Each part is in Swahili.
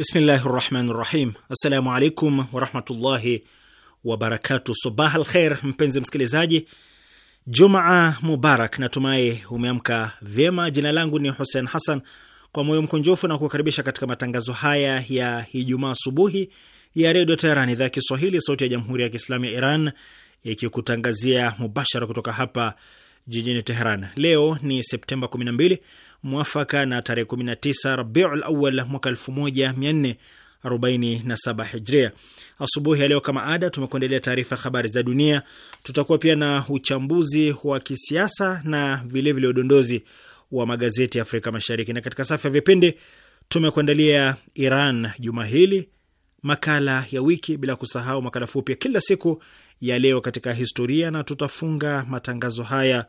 Bismillahi rahmani rahim. Assalamu alaikum warahmatullahi wabarakatu. Sabah al kheir, mpenzi msikilizaji, Jumaa mubarak. Natumai umeamka vyema. Jina langu ni Hussein Hassan, kwa moyo mkunjufu na kukaribisha katika matangazo haya ya Ijumaa asubuhi ya Redio Teheran, idhaa ya Kiswahili, sauti ya Jamhuri ya Kiislamu ya Iran, ikikutangazia mubashara kutoka hapa jijini Teheran. Leo ni Septemba 12 mwafaka na tarehe 19 Rabiul Awal mwaka 1447 Hijria. Asubuhi ya leo kama ada, tumekuendelea taarifa habari za dunia, tutakuwa pia na uchambuzi wa kisiasa na vilevile udondozi wa magazeti ya Afrika Mashariki, na katika safu ya vipindi tumekuandalia Iran juma hili, makala ya wiki, bila kusahau makala fupi ya kila siku ya leo katika historia, na tutafunga matangazo haya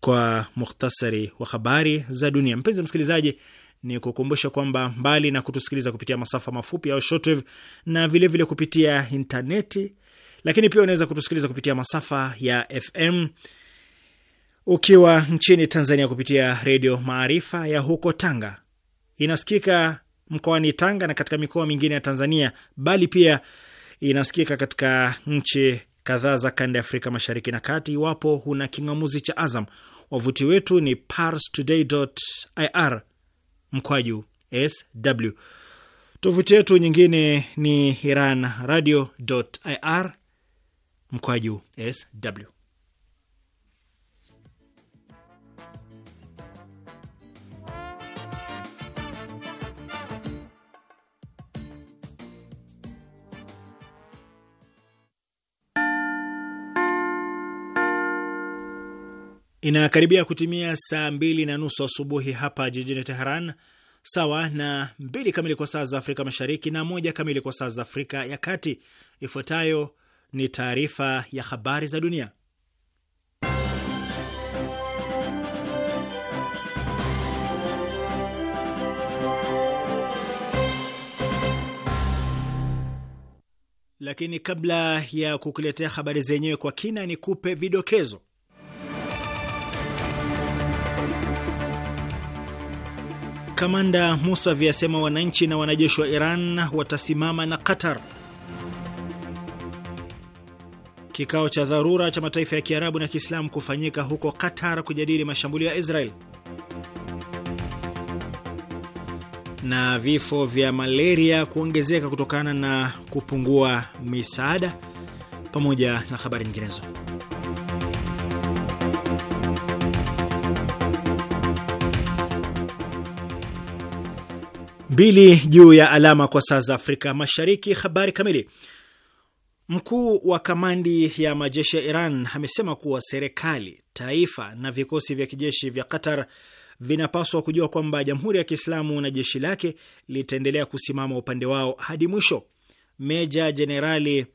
kwa mukhtasari wa habari za dunia. Mpenzi msikilizaji, ni kukumbusha kwamba mbali na kutusikiliza kupitia masafa mafupi au shortwave na vilevile vile kupitia intaneti, lakini pia unaweza kutusikiliza kupitia masafa ya FM ukiwa nchini Tanzania kupitia Redio Maarifa ya huko Tanga, inasikika mkoani Tanga na katika mikoa mingine ya Tanzania, bali pia inasikika katika nchi kadhaa za kanda ya Afrika Mashariki na Kati iwapo huna king'amuzi cha Azam. Wavuti wetu ni parstoday.ir mkwaju sw. Tovuti yetu nyingine ni iranradio.ir mkwaju sw. Inakaribia kutimia saa mbili na nusu asubuhi hapa jijini Teheran, sawa na mbili kamili kwa saa za Afrika Mashariki na moja kamili kwa saa za Afrika ya Kati. Ifuatayo ni taarifa ya habari za dunia, lakini kabla ya kukuletea habari zenyewe kwa kina, ni kupe vidokezo Kamanda Musa vyasema wananchi na wanajeshi wa Iran watasimama na Qatar. Kikao cha dharura cha mataifa ya Kiarabu na Kiislamu kufanyika huko Qatar kujadili mashambulio ya Israel. Na vifo vya malaria kuongezeka kutokana na kupungua misaada pamoja na habari nyinginezo. mbili juu ya alama kwa saa za Afrika Mashariki. Habari kamili. Mkuu wa kamandi ya majeshi ya Iran amesema kuwa serikali, taifa na vikosi vya kijeshi vya Qatar vinapaswa kujua kwamba Jamhuri ya Kiislamu na jeshi lake litaendelea kusimama upande wao hadi mwisho. Meja Jenerali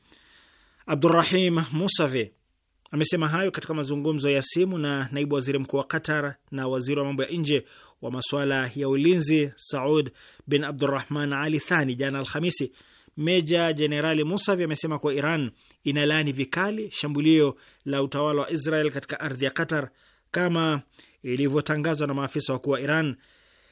Abdurahim Musave amesema hayo katika mazungumzo ya simu na naibu waziri mkuu wa Qatar na waziri wa mambo ya nje wa masuala ya ulinzi Saud bin Abdurahman Ali Thani jana Alhamisi. Meja Jenerali Musavi amesema kuwa Iran inalaani vikali shambulio la utawala wa Israel katika ardhi ya Qatar kama ilivyotangazwa na maafisa wakuu wa Iran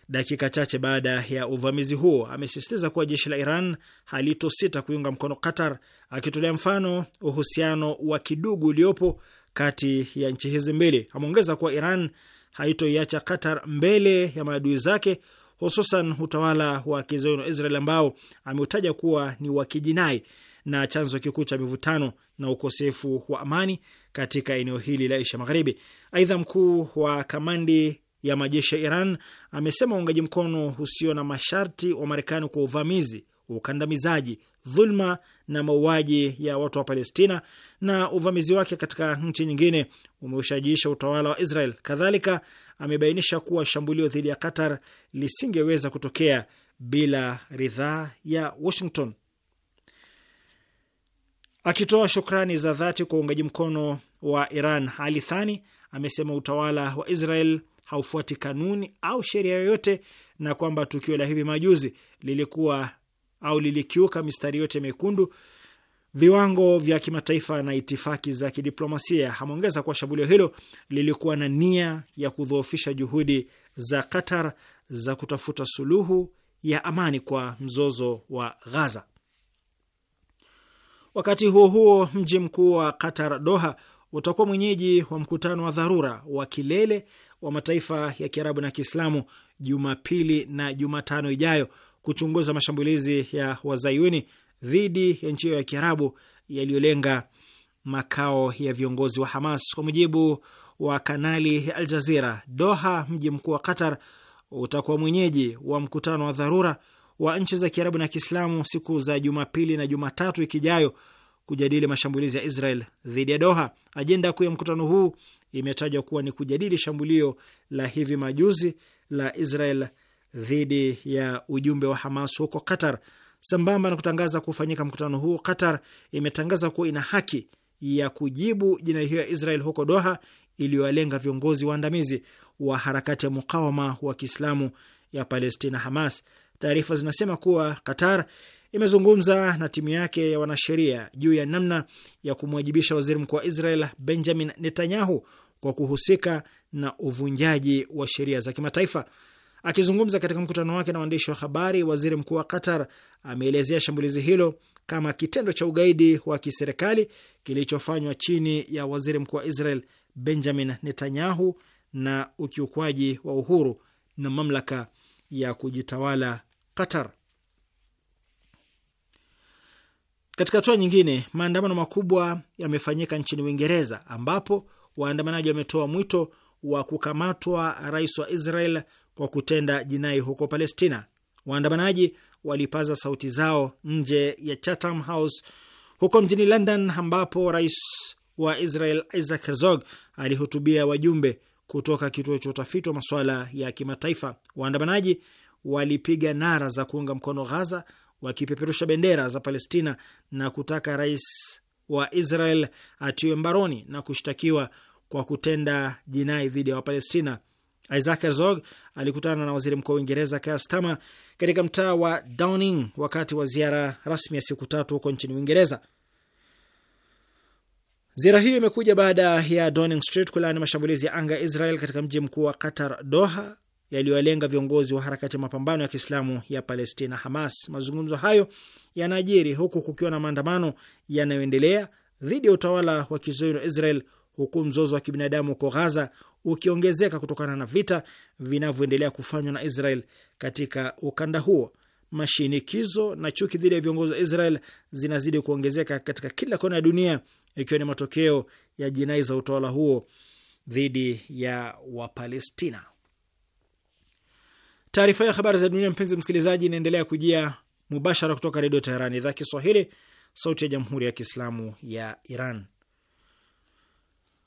dakika chache baada ya uvamizi huo. Amesisitiza kuwa jeshi la Iran halitosita kuiunga mkono Qatar, akitolea mfano uhusiano wa kidugu uliopo kati ya nchi hizi mbili. Ameongeza kuwa Iran haitoiacha Qatar mbele ya maadui zake, hususan utawala wa kizayuni wa Israel ambao ameutaja kuwa ni wa kijinai na chanzo kikuu cha mivutano na ukosefu wa amani katika eneo hili la Asia Magharibi. Aidha, mkuu wa kamandi ya majeshi ya Iran amesema uungaji mkono usio na masharti wa Marekani kwa uvamizi ukandamizaji, dhulma na mauaji ya watu wa Palestina na uvamizi wake katika nchi nyingine umeushajiisha utawala wa Israel. Kadhalika amebainisha kuwa shambulio dhidi ya Qatar lisingeweza kutokea bila ridhaa ya Washington. Akitoa shukrani za dhati kwa uungaji mkono wa Iran, Ali Thani amesema utawala wa Israel haufuati kanuni au sheria yoyote na kwamba tukio la hivi majuzi lilikuwa au lilikiuka mistari yote mekundu, viwango vya kimataifa na itifaki za kidiplomasia. Ameongeza kuwa shambulio hilo lilikuwa na nia ya kudhoofisha juhudi za Qatar za kutafuta suluhu ya amani kwa mzozo wa Ghaza. Wakati huo huo, mji mkuu wa Qatar, Doha, utakuwa mwenyeji wa mkutano wa dharura wa kilele wa mataifa ya Kiarabu na Kiislamu Jumapili na Jumatano ijayo kuchunguza mashambulizi ya wazayuni dhidi ya nchi hiyo ya Kiarabu yaliyolenga makao ya viongozi wa Hamas. Kwa mujibu wa kanali Al Jazira, Doha, mji mkuu wa Qatar, utakuwa mwenyeji wa mkutano wa dharura wa nchi za Kiarabu na Kiislamu siku za Jumapili na Jumatatu wiki ijayo kujadili mashambulizi ya Israel dhidi ya Doha. Ajenda kuu ya mkutano huu imetajwa kuwa ni kujadili shambulio la hivi majuzi la Israel dhidi ya ujumbe wa Hamas huko Qatar. Sambamba na kutangaza kufanyika mkutano huo, Qatar imetangaza kuwa ina haki ya kujibu jinai hiyo ya Israel huko Doha, iliyowalenga viongozi waandamizi wa harakati ya mukawama wa Kiislamu ya Palestina, Hamas. Taarifa zinasema kuwa Qatar imezungumza na timu yake ya wanasheria juu ya namna ya kumwajibisha waziri mkuu wa Israel Benjamin Netanyahu kwa kuhusika na uvunjaji wa sheria za kimataifa. Akizungumza katika mkutano wake na waandishi wa habari, waziri mkuu wa Qatar ameelezea shambulizi hilo kama kitendo cha ugaidi wa kiserikali kilichofanywa chini ya waziri mkuu wa Israel Benjamin Netanyahu na ukiukwaji wa uhuru na mamlaka ya kujitawala Qatar. Katika hatua nyingine, maandamano makubwa yamefanyika nchini Uingereza ambapo waandamanaji wametoa mwito wa kukamatwa rais wa Israel kwa kutenda jinai huko Palestina. Waandamanaji walipaza sauti zao nje ya Chatham House huko mjini London, ambapo rais wa Israel Isaac Herzog alihutubia wajumbe kutoka kituo cha utafiti wa masuala ya kimataifa. Waandamanaji walipiga nara za kuunga mkono Ghaza, wakipeperusha bendera za Palestina na kutaka rais wa Israel atiwe mbaroni na kushtakiwa kwa kutenda jinai dhidi ya Wapalestina. Isaac Herzog alikutana na waziri mkuu wa Uingereza Keir Starmer katika mtaa wa Downing wakati wa ziara rasmi ya siku tatu huko nchini Uingereza. Ziara hiyo imekuja baada ya Downing Street kulaani mashambulizi ya anga ya Israel katika mji mkuu wa Qatar, Doha, yaliyowalenga viongozi wa harakati ya mapambano ya Kiislamu ya Palestina, Hamas. Mazungumzo hayo yanajiri huku kukiwa na maandamano yanayoendelea dhidi ya utawala wa kizayuni wa Israel huku mzozo wa kibinadamu huko Ghaza ukiongezeka kutokana na vita vinavyoendelea kufanywa na Israel katika ukanda huo. Mashinikizo na chuki dhidi ya viongozi wa Israel zinazidi kuongezeka katika kila kona ya dunia, ikiwa ni matokeo ya jinai za utawala huo dhidi ya Wapalestina. Taarifa ya habari za dunia, mpenzi msikilizaji, inaendelea kujia mubashara kutoka Redio Teherani, idhaa Kiswahili, sauti ya Jamhuri ya Kiislamu ya Iran.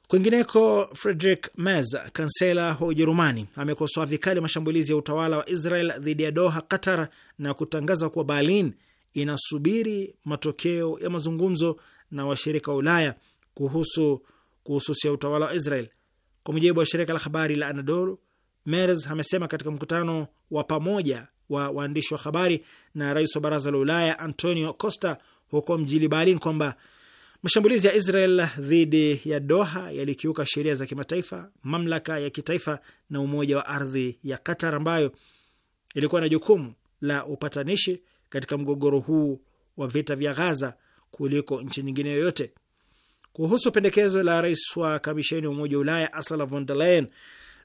Kwingineko, Friedrich Merz, kansela wa Ujerumani, amekosoa vikali mashambulizi ya utawala wa Israel dhidi ya Doha, Qatar, na kutangaza kuwa Berlin inasubiri matokeo ya mazungumzo na washirika wa Ulaya kuhusu kuhususia utawala wa Israel. Kwa mujibu wa shirika la habari la Anadolu, Merz amesema katika mkutano wa pamoja wa waandishi wa habari na rais wa baraza la Ulaya Antonio Costa huko mjini Berlin kwamba Mashambulizi ya Israel dhidi ya Doha yalikiuka sheria za kimataifa, mamlaka ya kitaifa na umoja wa ardhi ya Qatar ambayo ilikuwa na jukumu la upatanishi katika mgogoro huu wa vita vya Ghaza kuliko nchi nyingine yoyote. Kuhusu pendekezo la rais wa kamisheni ya Umoja wa Ulaya Ursula von der Leyen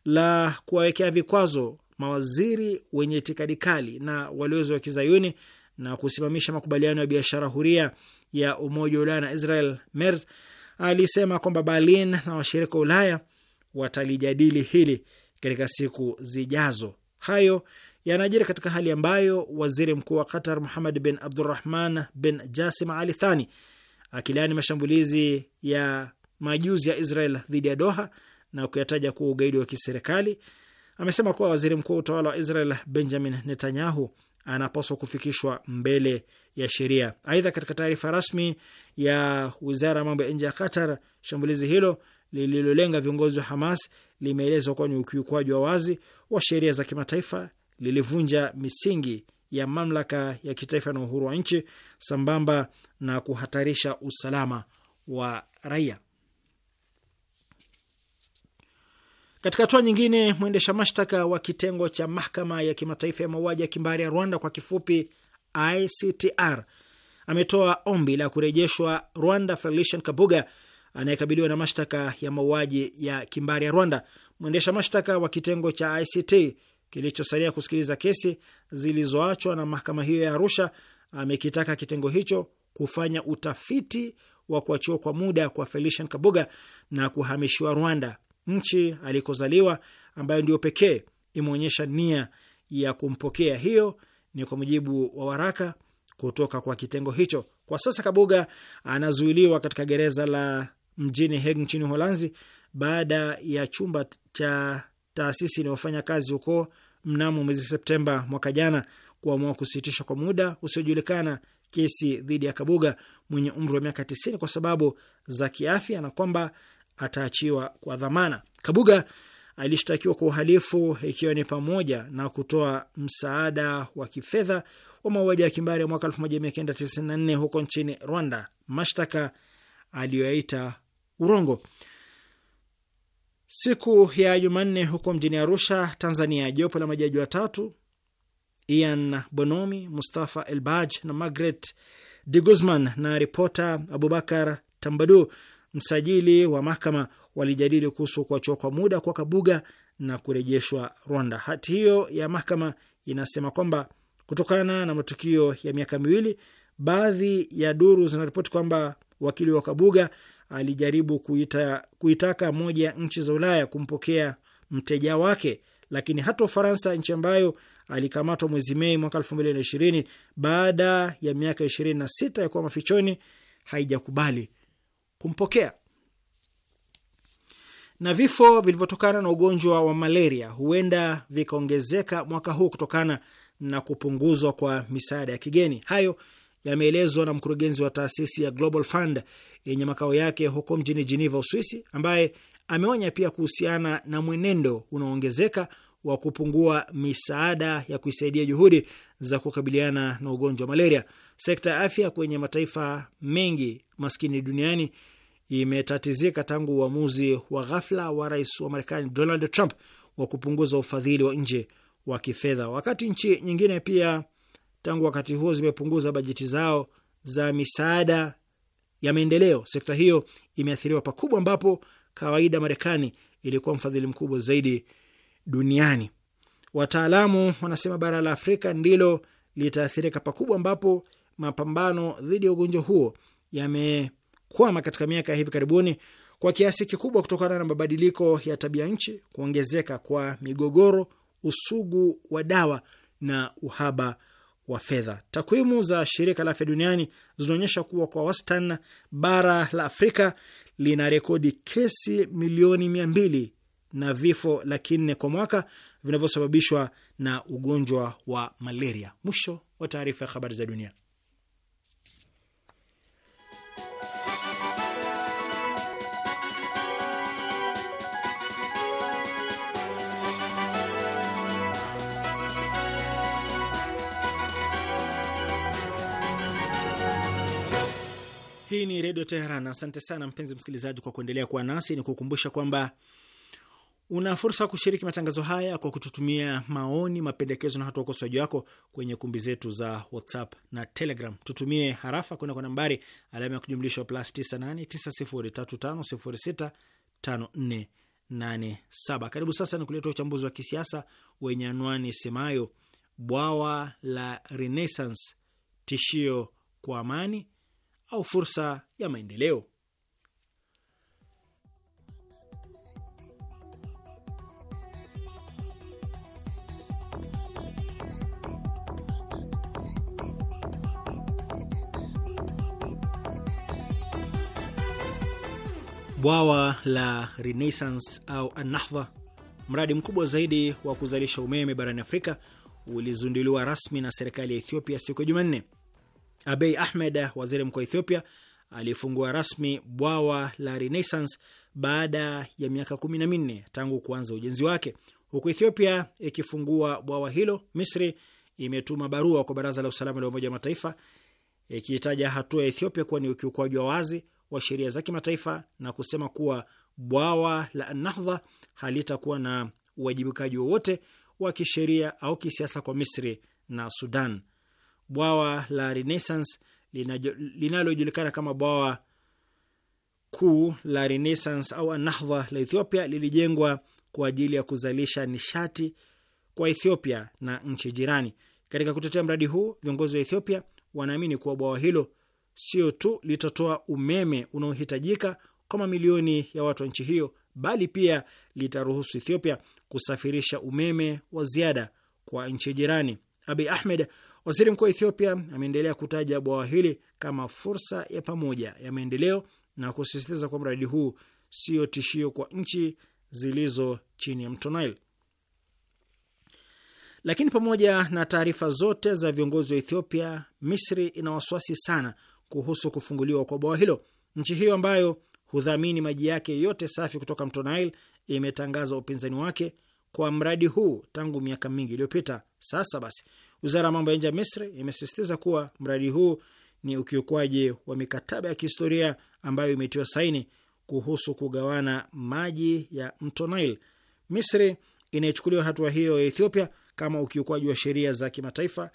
la kuwawekea vikwazo mawaziri wenye itikadi kali na walowezi wa kizayuni na kusimamisha makubaliano ya biashara huria ya Umoja wa Ulaya na Israel, Merz, alisema kwamba Berlin na washirika wa Ulaya watalijadili hili katika siku zijazo. Hayo yanajiri katika hali ambayo waziri mkuu wa Qatar Muhammad bin Abdurrahman bin Jasim ali Thani akiliani mashambulizi ya majuzi ya Israel dhidi ya Doha na kuyataja kuwa ugaidi wa kiserikali, amesema kuwa waziri mkuu wa utawala wa Israel Benjamin Netanyahu anapaswa kufikishwa mbele ya sheria. Aidha, katika taarifa rasmi ya wizara ya mambo ya nje ya Qatar, shambulizi hilo lililolenga viongozi wa Hamas limeelezwa kuwa ni ukiukwaji wa wazi wa sheria za kimataifa, lilivunja misingi ya mamlaka ya kitaifa na uhuru wa nchi, sambamba na kuhatarisha usalama wa raia. Katika hatua nyingine, mwendesha mashtaka wa kitengo cha mahakama ya kimataifa ya mauaji ya kimbari ya Rwanda kwa kifupi ICTR ametoa ombi la kurejeshwa Rwanda Felician Kabuga anayekabiliwa na mashtaka ya mauaji ya kimbari ya Rwanda. Mwendesha mashtaka wa kitengo cha ICT kilichosalia kusikiliza kesi zilizoachwa na mahakama hiyo ya Arusha amekitaka kitengo hicho kufanya utafiti wa kuachiwa kwa muda kwa Felician Kabuga na kuhamishiwa Rwanda nchi alikozaliwa, ambayo ndio pekee imeonyesha nia ya kumpokea. Hiyo ni kwa mujibu wa waraka kutoka kwa kitengo hicho. Kwa sasa Kabuga anazuiliwa katika gereza la mjini Hague nchini Uholanzi baada ya chumba cha taasisi inayofanya kazi huko mnamo mwezi Septemba mwaka jana kuamua kusitisha kwa muda usiojulikana kesi dhidi ya Kabuga mwenye umri wa miaka tisini kwa sababu za kiafya na kwamba ataachiwa kwa dhamana. Kabuga alishtakiwa kwa uhalifu ikiwa ni pamoja na kutoa msaada wa kifedha wa mauaji ya kimbari ya mwaka 1994 huko nchini Rwanda, mashtaka aliyoyaita urongo. Siku ya Jumanne huko mjini Arusha, Tanzania, jopo la majaji watatu Ian Bonomi, Mustafa Elbaj na Margaret de Guzman na ripota Abubakar Tambadu msajili wa mahakama walijadili kuhusu kuachiwa kwa muda kwa Kabuga na kurejeshwa Rwanda. Hati hiyo ya mahakama inasema kwamba kutokana na matukio ya miaka miwili, baadhi ya duru zinaripoti kwamba wakili wa Kabuga alijaribu kuita, kuitaka moja ya nchi za Ulaya kumpokea mteja wake, lakini hata Ufaransa, nchi ambayo alikamatwa mwezi Mei mwaka elfu mbili na ishirini baada ya miaka ishirini na sita ya kuwa mafichoni haijakubali kumpokea. Na vifo vilivyotokana na ugonjwa wa malaria huenda vikaongezeka mwaka huu kutokana na kupunguzwa kwa misaada ya kigeni. Hayo yameelezwa na mkurugenzi wa taasisi ya Global Fund yenye makao yake huko mjini Geneva, Uswisi, ambaye ameonya pia kuhusiana na mwenendo unaoongezeka wa kupungua misaada ya kuisaidia juhudi za kukabiliana na ugonjwa wa malaria. Sekta ya afya kwenye mataifa mengi maskini duniani imetatizika tangu uamuzi wa ghafla wa rais wa Marekani Donald Trump wa kupunguza ufadhili wa nje wa kifedha, wakati nchi nyingine pia tangu wakati huo zimepunguza bajeti zao za misaada ya maendeleo. Sekta hiyo imeathiriwa pakubwa, ambapo kawaida Marekani ilikuwa mfadhili mkubwa zaidi duniani. Wataalamu wanasema bara la Afrika ndilo litaathirika pakubwa, ambapo mapambano dhidi ya ugonjwa huo yamekwama katika miaka ya hivi karibuni kwa kiasi kikubwa kutokana na mabadiliko ya tabia nchi, kuongezeka kwa migogoro, usugu wa dawa na uhaba wa fedha. Takwimu za shirika la afya duniani zinaonyesha kuwa kwa wastani bara la Afrika lina rekodi kesi milioni mia mbili na vifo laki nne kwa mwaka vinavyosababishwa na ugonjwa wa malaria. Mwisho wa taarifa ya habari za dunia. Redio Teheran. Asante sana mpenzi msikilizaji kwa kuendelea kuwa nasi. Ni kukumbusha kwamba una fursa ya kushiriki matangazo haya kwa kututumia maoni, mapendekezo na hata ukosoaji wako kwenye kumbi zetu za WhatsApp na Telegram. Tutumie harafa kwenda kwa nambari alama ya kujumlisha plus 989035065487. Karibu sasa ni kuleta uchambuzi wa kisiasa wenye anwani semayo bwawa la Renaissance, tishio kwa amani au fursa ya maendeleo. Bwawa la Renaissance au Anahdha, mradi mkubwa zaidi wa kuzalisha umeme barani Afrika, ulizinduliwa rasmi na serikali ya Ethiopia siku ya Jumanne. Abei Ahmed, waziri mkuu wa Ethiopia, alifungua rasmi bwawa la Renaissance baada ya miaka kumi na minne tangu kuanza ujenzi wake. Huku Ethiopia ikifungua bwawa hilo, Misri imetuma barua kwa Baraza la Usalama la Umoja wa Mataifa ikiitaja hatua ya Ethiopia kuwa ni ukiukwaji wa wazi wa sheria za kimataifa na kusema kuwa bwawa la Nahdha halitakuwa na uwajibikaji wowote wa kisheria au kisiasa kwa Misri na Sudan bwawa la Renaissance linalojulikana kama bwawa kuu la Renaissance au Anahdha la Ethiopia lilijengwa kwa ajili ya kuzalisha nishati kwa Ethiopia na nchi jirani. Katika kutetea mradi huu, viongozi wa Ethiopia wanaamini kuwa bwawa hilo sio tu litatoa umeme unaohitajika kwa mamilioni ya watu wa nchi hiyo, bali pia litaruhusu Ethiopia kusafirisha umeme wa ziada kwa nchi jirani. Abi Ahmed Waziri mkuu wa Ethiopia ameendelea kutaja bwawa hili kama fursa ya pamoja ya maendeleo na kusisitiza kwa mradi huu sio tishio kwa nchi zilizo chini ya mto Nile. Lakini pamoja na taarifa zote za viongozi wa Ethiopia, Misri ina wasiwasi sana kuhusu kufunguliwa kwa bwawa hilo. Nchi hiyo ambayo hudhamini maji yake yote safi kutoka mto Nile imetangaza upinzani wake kwa mradi huu tangu miaka mingi iliyopita. Sasa basi, Wizara ya mambo ya nje ya Misri imesisitiza kuwa mradi huu ni ukiukwaji wa mikataba ya kihistoria ambayo imetiwa saini kuhusu kugawana maji ya mto Nile. Misri inayechukuliwa hatua hiyo ya Ethiopia kama ukiukwaji wa sheria za kimataifa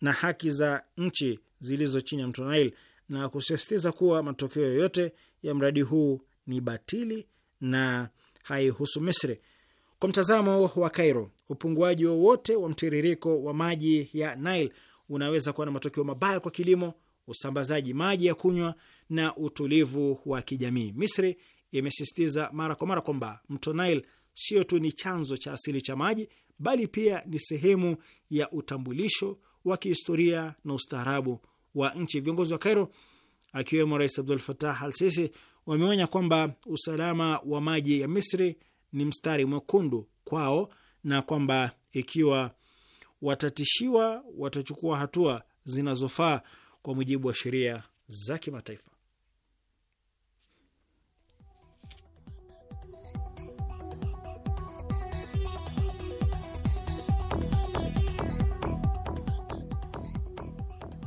na haki za nchi zilizo chini ya mto Nile na kusisitiza kuwa matokeo yoyote ya mradi huu ni batili na haihusu Misri. Kwa mtazamo wa Cairo, upunguaji wowote wa, mtiririko wa maji ya Nile unaweza kuwa na matokeo mabaya kwa kilimo, usambazaji maji ya kunywa na utulivu wa kijamii. Misri imesisitiza mara kwa mara kwamba mto Nile sio tu ni chanzo cha asili cha maji, bali pia ni sehemu ya utambulisho wa kihistoria na ustaarabu wa nchi. Viongozi wa Cairo akiwemo Rais Abdul Fatah Al Sisi wameonya kwamba usalama wa maji ya Misri ni mstari mwekundu kwao, na kwamba ikiwa watatishiwa watachukua hatua zinazofaa kwa mujibu wa sheria za kimataifa.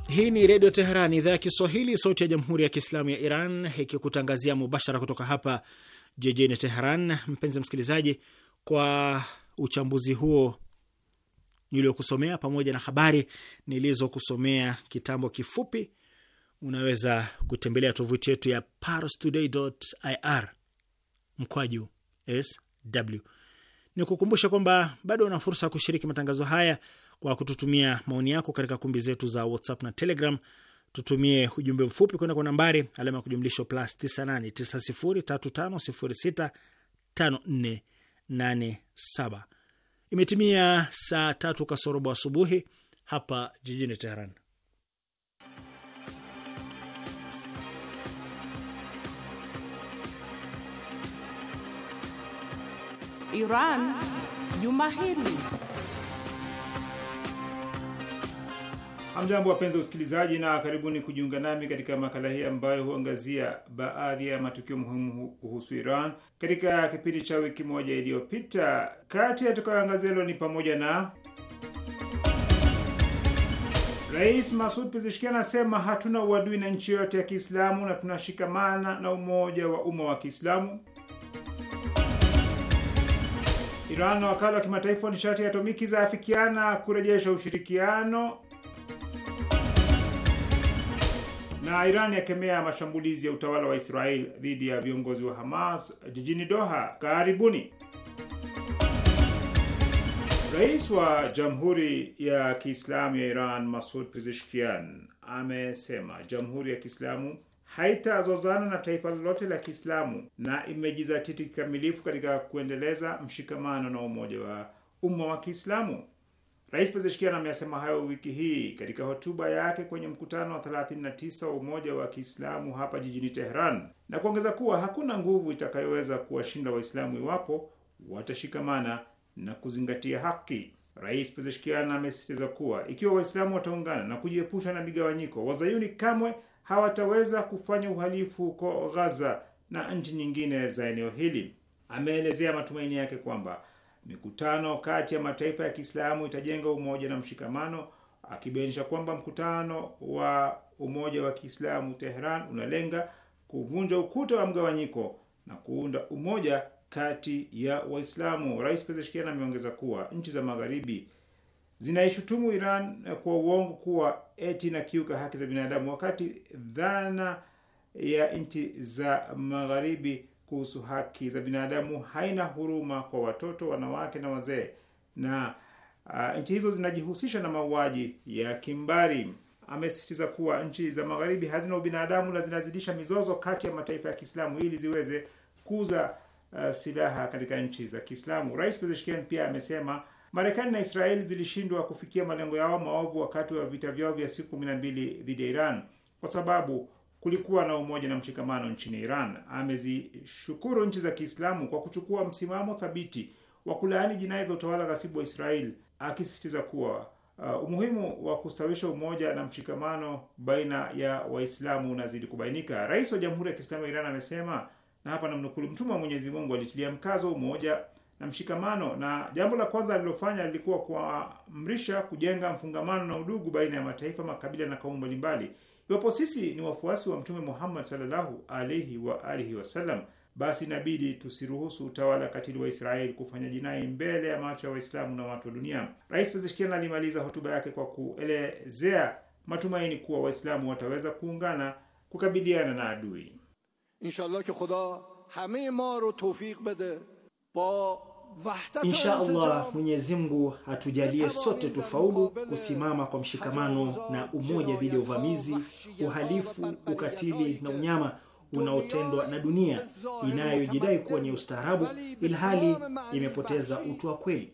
Hii ni Redio Teheran, idhaa ya Kiswahili, sauti ya Jamhuri ya Kiislamu ya Iran, ikikutangazia mubashara kutoka hapa jijini Teheran. Mpenzi msikilizaji, kwa uchambuzi huo niliokusomea pamoja na habari nilizokusomea kitambo kifupi, unaweza kutembelea tovuti yetu ya parstoday.ir mkwaju sw. Ni kukumbusha kwamba bado una fursa ya kushiriki matangazo haya kwa kututumia maoni yako katika kumbi zetu za WhatsApp na Telegram tutumie ujumbe mfupi kwenda kwa nambari alama ya kujumlisha plus 989035065487. Imetimia saa tatu kasorobo asubuhi hapa jijini Teheran. Iran Juma Hili. Hamjambo, wapenzi usikilizaji, na karibuni kujiunga nami katika makala hii ambayo huangazia baadhi ya matukio muhimu kuhusu Iran katika kipindi cha wiki moja iliyopita. Kati ya tutakayoangazia leo ni pamoja na Rais Masud Pezeshkian anasema hatuna uadui na nchi yoyote ya Kiislamu na tunashikamana na umoja wa umma wa Kiislamu. Iran na wakala wa kimataifa wa nishati ya atomiki zaafikiana kurejesha ushirikiano na Iran yakemea mashambulizi ya utawala wa Israel dhidi ya viongozi wa Hamas jijini Doha karibuni. Rais wa Jamhuri ya Kiislamu ya Iran Masud Pezeshkian amesema Jamhuri ya Kiislamu haitazozana na taifa lolote la Kiislamu na imejizatiti kikamilifu katika kuendeleza mshikamano na umoja wa umma wa Kiislamu. Rais Pezeshkian ameyasema hayo wiki hii katika hotuba yake kwenye mkutano wa 39 wa Umoja wa Kiislamu hapa jijini Teheran na kuongeza kuwa hakuna nguvu itakayoweza kuwashinda Waislamu iwapo watashikamana na kuzingatia haki. Rais Pezeshkian amesisitiza kuwa ikiwa Waislamu wataungana na kujiepusha na migawanyiko, wazayuni kamwe hawataweza kufanya uhalifu huko Ghaza na nchi nyingine za eneo hili. Ameelezea matumaini yake kwamba mikutano kati ya mataifa ya Kiislamu itajenga umoja na mshikamano, akibainisha kwamba mkutano wa umoja wa Kiislamu Tehran unalenga kuvunja ukuta wa mgawanyiko na kuunda umoja kati ya Waislamu. Rais Pezeshkian ameongeza kuwa nchi za magharibi zinaishutumu Iran kwa uongo kuwa eti na kiuka haki za binadamu, wakati dhana ya nchi za magharibi kuhusu haki za binadamu, haina huruma kwa watoto, wanawake na wazee, na uh, nchi hizo zinajihusisha na mauaji ya kimbari. Amesisitiza kuwa nchi za magharibi hazina ubinadamu na zinazidisha mizozo kati ya mataifa ya Kiislamu ili ziweze kuuza uh, silaha katika nchi za Kiislamu. Rais Pezeshkian pia amesema Marekani na Israeli zilishindwa kufikia malengo yao maovu wakati wa vita vyao vya siku kumi na mbili dhidi ya Iran kwa sababu kulikuwa na umoja na mshikamano nchini Iran. Amezishukuru nchi za Kiislamu kwa kuchukua msimamo thabiti wa kulaani jinai za utawala ghasibu wa Israel, akisisitiza kuwa uh, umuhimu wa kustawisha umoja na mshikamano baina ya Waislamu unazidi kubainika. Rais wa Jamhuri ya Kiislamu ya Iran amesema, na hapa namnukuu, Mtume wa Mwenyezi Mungu alitilia mkazo umoja na mshikamano, na jambo la kwanza alilofanya lilikuwa kuamrisha kujenga mfungamano na udugu baina ya mataifa, makabila na kaumu mbalimbali. Iwapo sisi ni wafuasi wa Mtume Muhammad sallallahu alaihi wa alihi wasallam, basi inabidi tusiruhusu utawala katili wa Israeli kufanya jinai mbele ya macho ya Waislamu na watu wa dunia. Rais Pezeshkian alimaliza hotuba yake kwa kuelezea matumaini kuwa Waislamu wataweza kuungana kukabiliana na adui. inshallah ki khuda hame ma ro tawfiq bade ba Insha Allah Mwenyezi Mungu atujalie sote tufaulu kusimama kwa mshikamano na umoja dhidi ya uvamizi, uhalifu, ukatili na unyama unaotendwa na dunia inayojidai kuwa ni ustaarabu ilhali imepoteza utu wa kweli.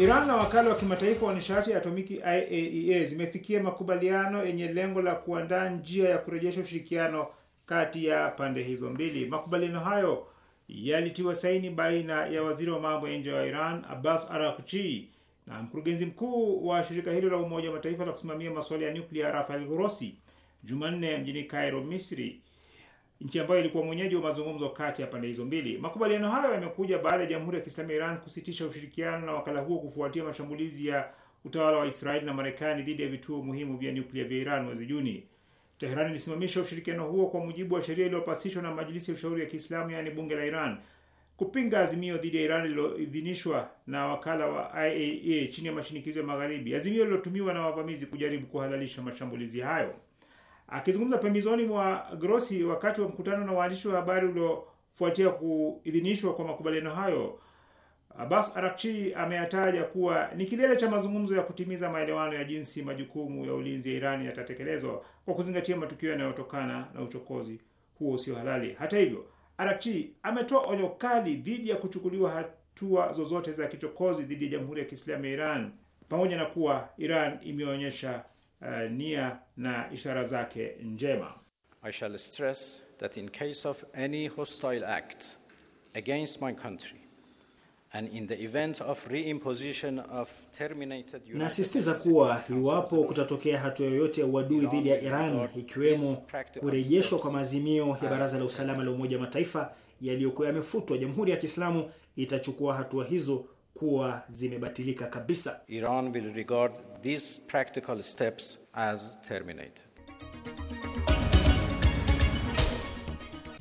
Iran na wakala wa kimataifa wa nishati ya atomiki IAEA e zimefikia makubaliano yenye lengo la kuandaa njia ya kurejesha ushirikiano kati ya pande hizo mbili. Makubaliano hayo yalitiwa saini baina ya waziri wa mambo ya nje wa Iran Abbas Araghchi na mkurugenzi mkuu wa shirika hilo la Umoja wa Mataifa la kusimamia masuala ya nyuklia Rafael Grossi Jumanne mjini Cairo, Misri nchi ambayo ilikuwa mwenyeji wa mazungumzo kati ya pande hizo mbili. Makubaliano hayo yamekuja baada ya Jamhuri ya Kiislamu ya Iran kusitisha ushirikiano na wakala huo kufuatia mashambulizi ya utawala wa Israeli na Marekani dhidi ya vituo muhimu vya nyuklia vya Iran mwezi Juni. Teheran ilisimamisha ushirikiano huo kwa mujibu wa sheria iliyopasishwa na Majlisi ya Ushauri ya Kiislamu, yaani bunge la Iran, kupinga azimio dhidi ya Iran lililoidhinishwa na wakala wa IAEA e chini ya mashinikizo ya Magharibi, azimio lililotumiwa na wavamizi kujaribu kuhalalisha mashambulizi hayo. Akizungumza pembezoni mwa Grossi wakati wa mkutano na waandishi wa habari uliofuatia kuidhinishwa kwa makubaliano hayo, Abbas Arakchi ameyataja kuwa ni kilele cha mazungumzo ya kutimiza maelewano ya jinsi majukumu ya ulinzi ya Irani yatatekelezwa kwa kuzingatia matukio yanayotokana na uchokozi huo usio halali. Hata hivyo, Arakchi ametoa onyo kali dhidi ya kuchukuliwa hatua zozote za kichokozi dhidi ya Jamhuri ya Kiislamu ya Iran pamoja na kuwa Iran imeonyesha uh, nia na ishara zake njema. I shall stress that in case of any hostile act against my country and in the event of reimposition of terminated Nasisitiza kuwa iwapo kutatokea hatua yoyote ya uadui dhidi ya Iran ikiwemo kurejeshwa kwa maazimio ya Baraza la Usalama la Umoja wa Mataifa yaliyokuwa yamefutwa, Jamhuri ya Kiislamu itachukua hatua hizo kuwa zimebatilika kabisa. Iran will regard these practical steps as terminated.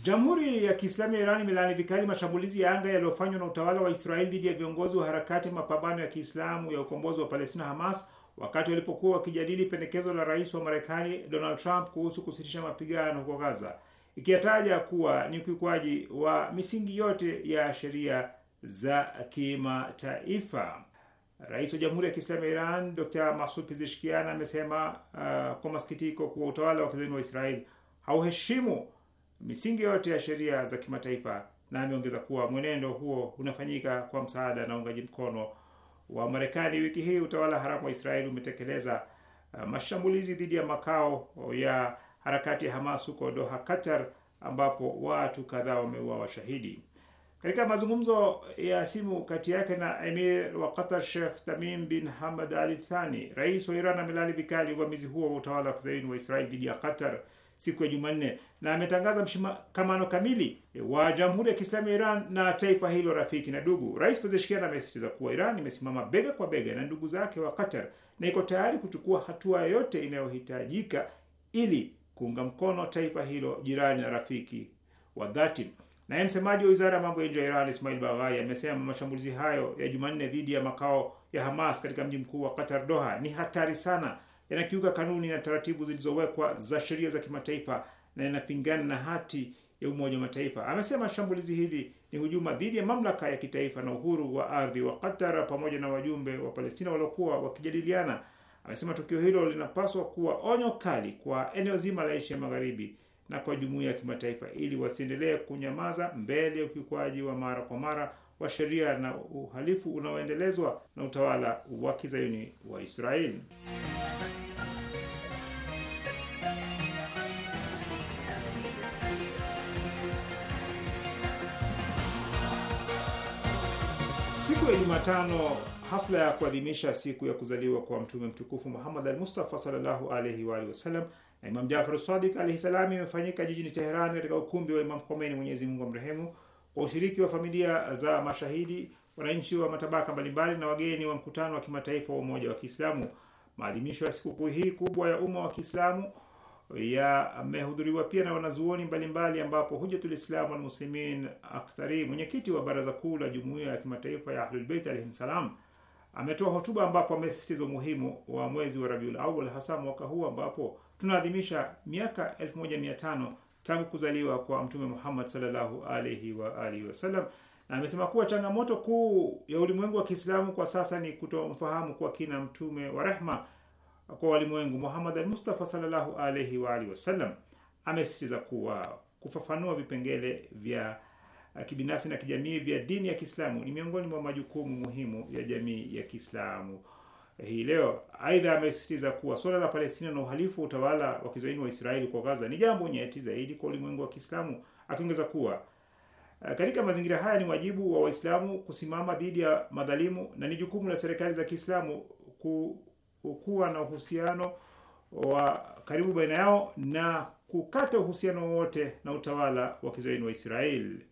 Jamhuri ya Kiislamu ya Iran imelaani vikali mashambulizi ya anga yaliyofanywa na utawala wa Israeli dhidi ya viongozi wa harakati mapambano ya Kiislamu ya ukombozi wa Palestina, Hamas, wakati walipokuwa wakijadili pendekezo la rais wa Marekani Donald Trump kuhusu kusitisha mapigano huko Gaza, ikiyataja kuwa ni ukiukwaji wa misingi yote ya sheria za kimataifa. Rais wa Jamhuri ya Kiislamu ya Iran Dr Masud Pezeshkian amesema uh, kwa masikitiko kuwa utawala wa kizayuni wa Israel hauheshimu misingi yote ya sheria za kimataifa, na ameongeza kuwa mwenendo huo unafanyika kwa msaada na uungaji mkono wa Marekani. Wiki hii utawala haramu wa Israel umetekeleza uh, mashambulizi dhidi ya makao ya harakati ya Hamas huko Doha, Qatar, ambapo watu kadhaa wameuawa shahidi. Katika mazungumzo ya simu kati yake na emir wa Qatar Sheikh Tamim bin Hamad Al Thani, rais wa Iran amelali vikali uvamizi huo wa utawala wa kizayuni wa Israeli dhidi ya Qatar siku ya Jumanne na ametangaza mshikamano kamili wa Jamhuri ya Kiislamu ya Iran na taifa hilo rafiki na ndugu. Rais Pezeshkian amesisitiza kuwa Iran imesimama bega kwa bega na ndugu zake wa Qatar na iko tayari kuchukua hatua yoyote inayohitajika ili kuunga mkono taifa hilo jirani na rafiki wa dhati. Naye msemaji wa wizara ya mambo ya nje ya Iran Ismail Baghai amesema mashambulizi hayo ya Jumanne dhidi ya makao ya Hamas katika mji mkuu wa Qatar, Doha, ni hatari sana, yanakiuka kanuni na taratibu zilizowekwa za sheria za kimataifa na yanapingana na hati ya Umoja wa Mataifa. Amesema shambulizi hili ni hujuma dhidi ya mamlaka ya kitaifa na uhuru wa ardhi wa Qatar pamoja na wajumbe wa Palestina waliokuwa wakijadiliana. Amesema tukio hilo linapaswa kuwa onyo kali kwa eneo zima la Asia ya Magharibi na kwa jumuiya ya kimataifa ili wasiendelee kunyamaza mbele ya ukiukwaji wa mara kwa mara wa sheria na uhalifu unaoendelezwa na utawala wa kizayuni wa Israeli. Siku ya Jumatano, hafla ya kuadhimisha siku ya kuzaliwa kwa Mtume mtukufu Muhammad al Mustafa sallallahu alaihi waalihi wasallam na eh, Imam Jafar Sadiq alayhi salam imefanyika jijini Teheran katika ukumbi wa Imam Khomeini, Mwenyezi Mungu amrehemu, kwa ushiriki wa familia za mashahidi, wananchi wa matabaka mbalimbali na wageni wa mkutano wa kimataifa wa umoja wa Kiislamu. Maadhimisho ya sikukuu hii kubwa ya umma wa Kiislamu yamehudhuriwa pia na wanazuoni mbalimbali, ambapo Hujatul Islam wal Muslimin Akthari, mwenyekiti wa baraza kuu la jumuiya ya kimataifa ya Ahlul Bait alayhi salam, ametoa hotuba ambapo amesisitiza umuhimu wa mwezi wa Rabiul Awwal hasa mwaka huu ambapo tunaadhimisha miaka 1500 tangu kuzaliwa kwa Mtume Muhammad sallallahu alaihi wa alihi wasallam, na amesema kuwa changamoto kuu ya ulimwengu wa Kiislamu kwa sasa ni kutomfahamu kwa kina mtume wa rehma kwa walimwengu Muhammad al-Mustafa sallallahu alaihi wa alihi wasallam. Amesisitiza kuwa kufafanua vipengele vya kibinafsi na kijamii vya dini ya Kiislamu ni miongoni mwa majukumu muhimu ya jamii ya Kiislamu hii leo. Aidha, amesisitiza kuwa suala la Palestina na uhalifu wa utawala wa kizaini wa Israeli kwa Gaza ni jambo nyeti zaidi kwa ulimwengu wa Kiislamu, akiongeza kuwa eh, katika mazingira haya ni wajibu wa Waislamu kusimama dhidi ya madhalimu na ni jukumu la serikali za Kiislamu kuwa na uhusiano wa karibu baina yao na kukata uhusiano wote na utawala wa kizoini wa Israeli.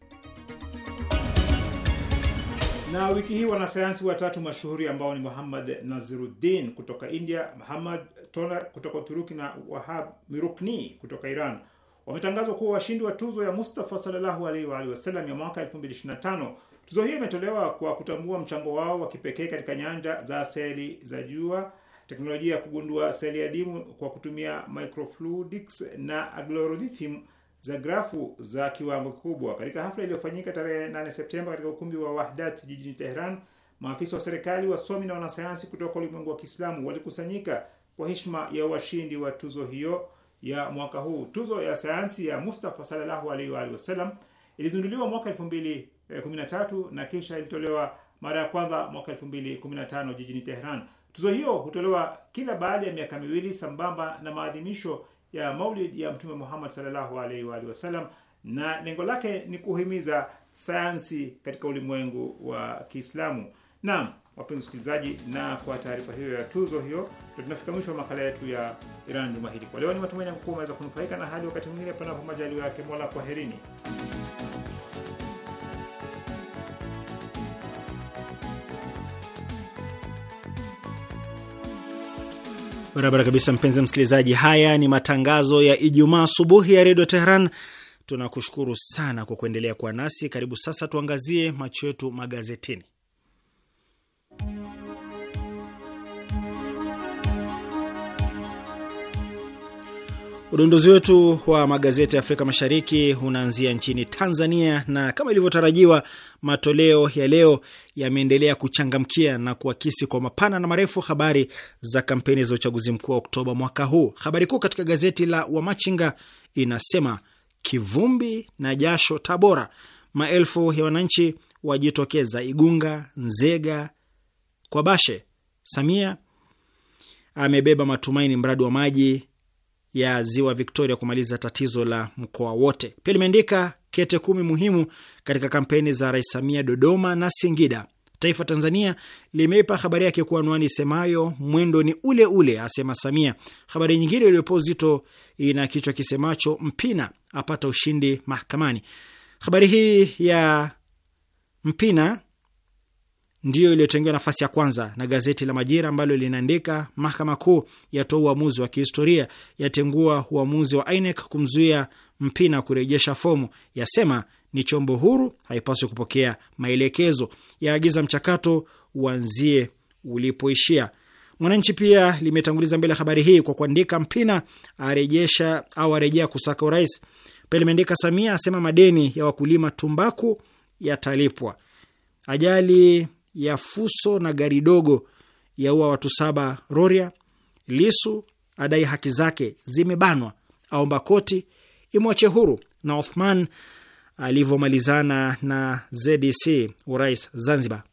Na wiki hii wanasayansi watatu mashuhuri ambao ni Muhammad Naziruddin kutoka India, Muhammad Toner kutoka Uturuki na Wahab Mirukni kutoka Iran wametangazwa kuwa washindi wa tuzo ya Mustafa sallallahu alaihi wa alihi wasallam ya mwaka 2025. Tuzo hiyo imetolewa kwa kutambua mchango wao wa kipekee katika nyanja za seli za jua, teknolojia ya kugundua seli adimu kwa kutumia microfluidics na algorithm za grafu za kiwango kikubwa. Katika hafla iliyofanyika tarehe 8 Septemba katika ukumbi wa Wahdat jijini Tehran, maafisa wa serikali, wasomi na wanasayansi kutoka ulimwengu wa Kiislamu walikusanyika kwa heshima ya washindi wa tuzo hiyo ya mwaka huu. Tuzo ya sayansi ya Mustafa sallallahu alaihi wa alihi wasallam ilizinduliwa mwaka 2013 eh, na kisha ilitolewa mara ya kwanza mwaka 2015 jijini Tehran. Tuzo hiyo hutolewa kila baada ya miaka miwili sambamba na maadhimisho ya maulid ya Mtume Muhammad sallallahu alaihi wa alihi wasallam, na lengo lake ni kuhimiza sayansi katika ulimwengu wa Kiislamu. Naam, wapenzi wasikilizaji, na kwa taarifa hiyo ya tuzo hiyo ndio tunafika mwisho wa makala yetu ya Iran juma hili. Kwa leo, ni matumaini yangu kuwa umeweza kunufaika, na hadi wakati mwingine, panapo majaliwa yake Mola, kwaherini. Barabara kabisa, mpenzi msikilizaji. Haya ni matangazo ya Ijumaa asubuhi ya redio Teheran. Tunakushukuru sana kwa kuendelea kuwa nasi. Karibu sasa tuangazie macho yetu magazetini. Udondozi wetu wa magazeti ya Afrika Mashariki unaanzia nchini Tanzania, na kama ilivyotarajiwa matoleo ya leo yameendelea kuchangamkia na kuakisi kwa mapana na marefu habari za kampeni za uchaguzi mkuu wa Oktoba mwaka huu. Habari kuu katika gazeti la Wamachinga inasema kivumbi na jasho Tabora, maelfu ya wananchi wajitokeza Igunga, Nzega kwa Bashe, Samia amebeba matumaini mradi wa maji ya ziwa Victoria kumaliza tatizo la mkoa wote. Pia limeandika kete kumi muhimu katika kampeni za Rais Samia Dodoma na Singida. Taifa Tanzania limeipa habari yake kuwa anwani semayo mwendo ni ule ule, asema Samia. Habari nyingine iliyopo uzito ina kichwa kisemacho Mpina apata ushindi mahakamani. Habari hii ya Mpina ndiyo iliyotengewa nafasi ya kwanza na gazeti la Majira ambalo linaandika mahakama kuu yatoa uamuzi wa kihistoria, yatengua uamuzi wa INEC kumzuia Mpina kurejesha fomu, yasema ni chombo huru, haipaswi kupokea maelekezo, yaagiza mchakato uanzie ulipoishia. Mwananchi pia limetanguliza mbele habari hii kwa kuandika Mpina arejesha au arejea kusaka urais. Pia limeandika Samia asema madeni ya wakulima tumbaku yatalipwa. Ajali ya Fuso na gari dogo yaua watu saba Roria. Lisu adai haki zake zimebanwa, aomba koti imwache huru, na Othman alivyomalizana na ZDC urais Zanzibar.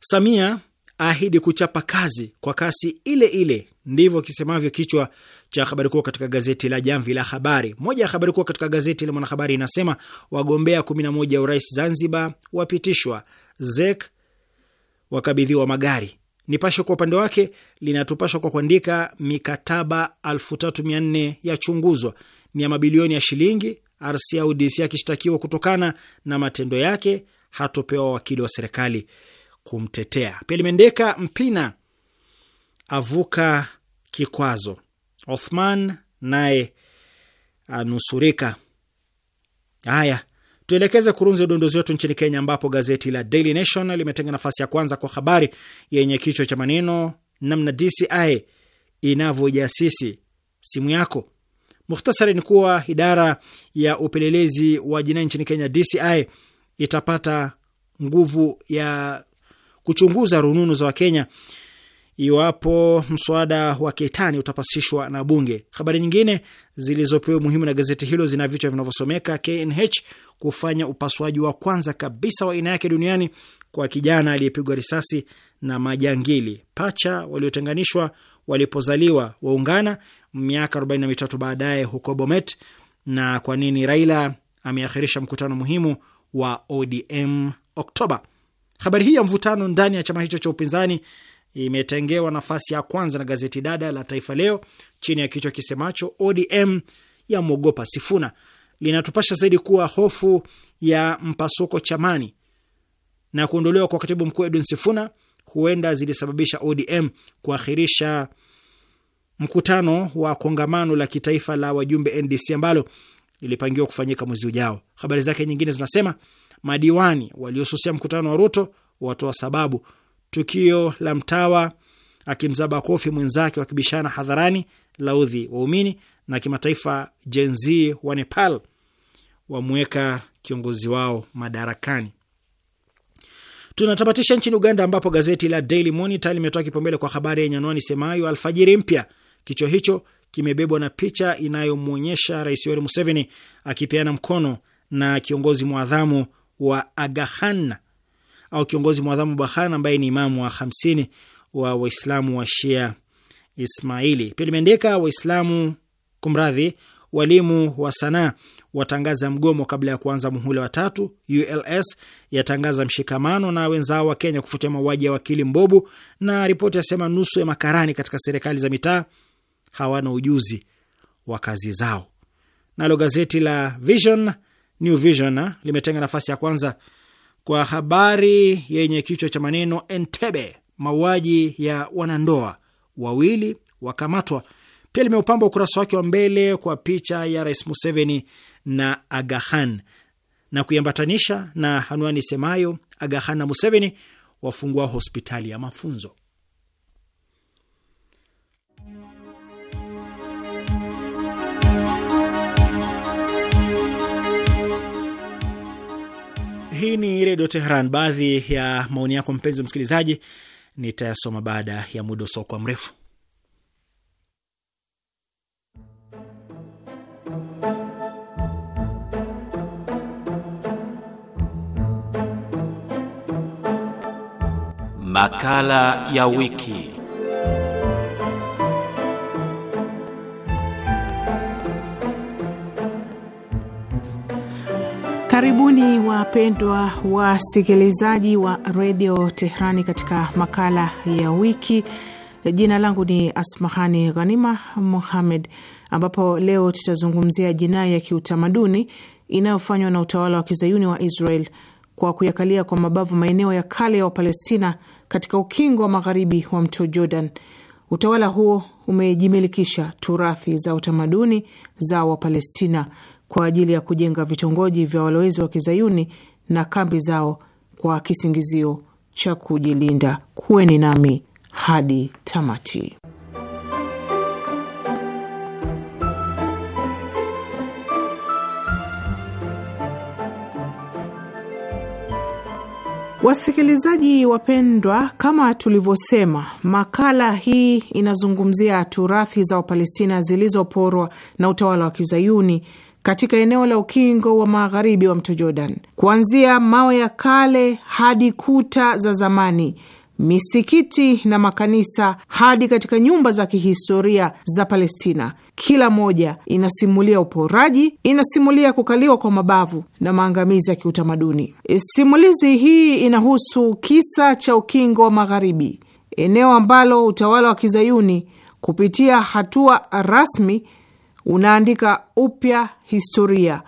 Samia ahidi kuchapa kazi kwa kasi ile ile, ndivyo kisemavyo kichwa cha habari kuu katika gazeti la Jamvi la Habari. Moja ya habari kuu katika gazeti la Mwanahabari inasema wagombea 11 urais Zanzibar wapitishwa Zek wakabidhiwa magari. Nipashe kwa upande wake linatupashwa kwa kuandika mikataba 3400 yachunguzwa, ni ya mabilioni ya shilingi. RC au DC akishtakiwa kutokana na matendo yake hatopewa wakili wa serikali kumtetea. Pia limeendeka Mpina avuka kikwazo, Othman naye anusurika. Haya Tuelekeze kurunzi udondozi wetu nchini Kenya, ambapo gazeti la Daily Nation limetenga nafasi ya kwanza kwa habari yenye kichwa cha maneno namna DCI inavyojasisi simu yako. muhtasari ni kuwa idara ya upelelezi wa jinai nchini Kenya, DCI, itapata nguvu ya kuchunguza rununu za Wakenya iwapo mswada wa ketani utapasishwa na bunge. Habari nyingine zilizopewa muhimu na gazeti hilo zina vichwa vinavyosomeka: KNH kufanya upasuaji wa kwanza kabisa wa aina yake duniani kwa kijana aliyepigwa risasi na majangili; pacha waliotenganishwa walipozaliwa waungana miaka 43 baadaye huko Bomet; na kwa nini Raila ameakhirisha mkutano muhimu wa ODM Oktoba. Habari hii ya mvutano ndani ya chama hicho cha upinzani imetengewa nafasi ya kwanza na gazeti dada la Taifa Leo chini ya kichwa kisemacho ODM ya mwogopa Sifuna. Linatupasha zaidi kuwa hofu ya mpasuko chamani na kuondolewa kwa katibu mkuu Edwin Sifuna huenda zilisababisha ODM kuahirisha mkutano wa kongamano la kitaifa la wajumbe NDC ambalo lilipangiwa kufanyika mwezi ujao. Habari zake nyingine zinasema madiwani waliosusia mkutano wa Ruto watoa sababu Tukio la mtawa akimzaba kofi mwenzake wakibishana hadharani laudhi waumini, na kimataifa Gen Z wa Nepal wamweka kiongozi wao madarakani. Tunatapatisha nchini Uganda, ambapo gazeti la Daily Monitor limetoa kipaumbele kwa habari yenye anwani semayo alfajiri mpya. Kichwa hicho kimebebwa na picha inayomwonyesha Rais Yoweri Museveni akipeana mkono na kiongozi mwadhamu wa Aga au kiongozi mwadhamu Bahan ambaye ni imamu wa hamsini wa Waislamu wa Shia Ismaili. Pia limeandika Waislamu kumradhi, walimu wa sanaa watangaza mgomo kabla ya kuanza muhula wa tatu. ULS yatangaza mshikamano na wenzao wa Kenya kufutia mauaji ya wakili Mbobu, na ripoti yasema nusu ya makarani katika serikali za mitaa hawana ujuzi wa kazi zao. Nalo gazeti la Vision New Vision ah, limetenga nafasi ya kwanza kwa habari yenye kichwa cha maneno Entebe, mauaji ya wanandoa wawili wakamatwa. Pia limeupamba ukurasa wake wa mbele kwa picha ya Rais Museveni na agahan na kuiambatanisha na anwani semayo agahan na Museveni wafungua hospitali ya mafunzo. Hii ni Redio Teheran. Baadhi ya maoni yako mpenzi msikilizaji nitayasoma baada ya muda usiokuwa mrefu. Makala ya wiki. Karibuni wapendwa wasikilizaji wa redio Tehrani katika makala ya wiki. Jina langu ni Asmahani Ghanima muhammed ambapo leo tutazungumzia jinai ya kiutamaduni inayofanywa na utawala wa kizayuni wa Israel kwa kuyakalia kwa mabavu maeneo ya kale ya Wapalestina katika ukingo wa magharibi wa mto Jordan. Utawala huo umejimilikisha turathi za utamaduni za Wapalestina kwa ajili ya kujenga vitongoji vya walowezi wa kizayuni na kambi zao kwa kisingizio cha kujilinda. Kuweni nami hadi tamati. Wasikilizaji wapendwa, kama tulivyosema, makala hii inazungumzia turathi za Wapalestina zilizoporwa na utawala wa kizayuni katika eneo la ukingo wa magharibi wa mto Jordan, kuanzia mawe ya kale hadi kuta za zamani, misikiti na makanisa hadi katika nyumba za kihistoria za Palestina. Kila moja inasimulia uporaji, inasimulia kukaliwa kwa mabavu na maangamizi ya kiutamaduni. Simulizi hii inahusu kisa cha ukingo wa magharibi, eneo ambalo utawala wa kizayuni kupitia hatua rasmi unaandika upya historia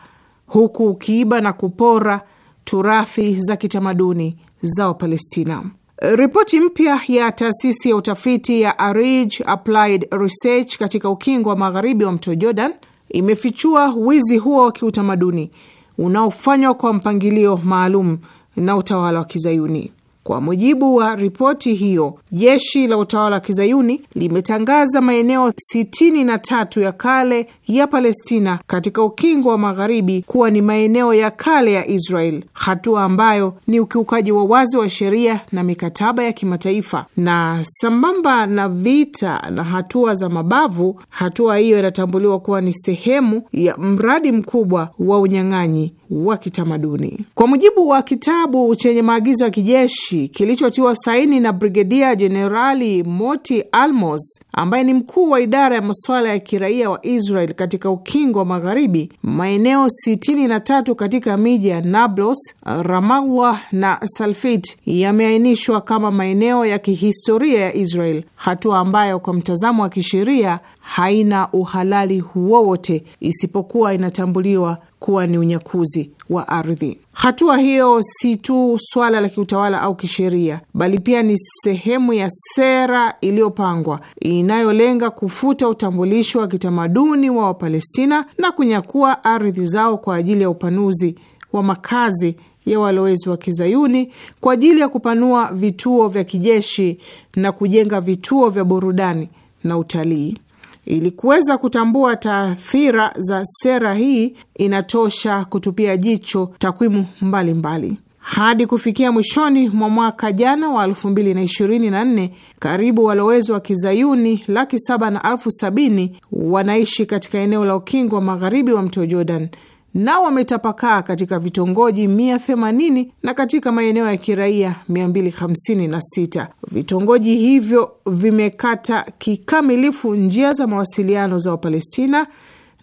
huku ukiiba na kupora turathi za kitamaduni za Wapalestina. Ripoti mpya ya taasisi ya utafiti ya Arij Applied Research katika ukingo wa magharibi wa mto Jordan imefichua wizi huo wa kiutamaduni unaofanywa kwa mpangilio maalum na utawala wa Kizayuni. Kwa mujibu wa ripoti hiyo, jeshi la utawala wa kizayuni limetangaza maeneo 63 ya kale ya Palestina katika ukingo wa magharibi kuwa ni maeneo ya kale ya Israel, hatua ambayo ni ukiukaji wa wazi wa sheria na mikataba ya kimataifa. Na sambamba na vita na hatua za mabavu, hatua hiyo inatambuliwa kuwa ni sehemu ya mradi mkubwa wa unyang'anyi wa kitamaduni. Kwa mujibu wa kitabu chenye maagizo ya kijeshi kilichotiwa saini na Brigedia Jenerali Moti Almos ambaye ni mkuu wa idara ya masuala ya kiraia wa Israel katika ukingo wa magharibi, maeneo 63 katika miji ya Nablus, Ramallah na Salfit yameainishwa kama maeneo ya kihistoria ya Israel, hatua ambayo kwa mtazamo wa kisheria haina uhalali wowote isipokuwa inatambuliwa kuwa ni unyakuzi wa ardhi. Hatua hiyo si tu swala la kiutawala au kisheria, bali pia ni sehemu ya sera iliyopangwa inayolenga kufuta utambulisho wa kitamaduni wa Wapalestina na kunyakua ardhi zao kwa ajili ya upanuzi wa makazi ya walowezi wa Kizayuni kwa ajili ya kupanua vituo vya kijeshi na kujenga vituo vya burudani na utalii. Ili kuweza kutambua taathira za sera hii, inatosha kutupia jicho takwimu mbalimbali. Hadi kufikia mwishoni mwa mwaka jana wa 2024 karibu walowezi wa kizayuni laki saba na elfu sabini wanaishi katika eneo la ukingo wa magharibi wa mto Jordan nao wametapakaa katika vitongoji 180 na katika maeneo ya kiraia 256. Vitongoji hivyo vimekata kikamilifu njia za mawasiliano za Wapalestina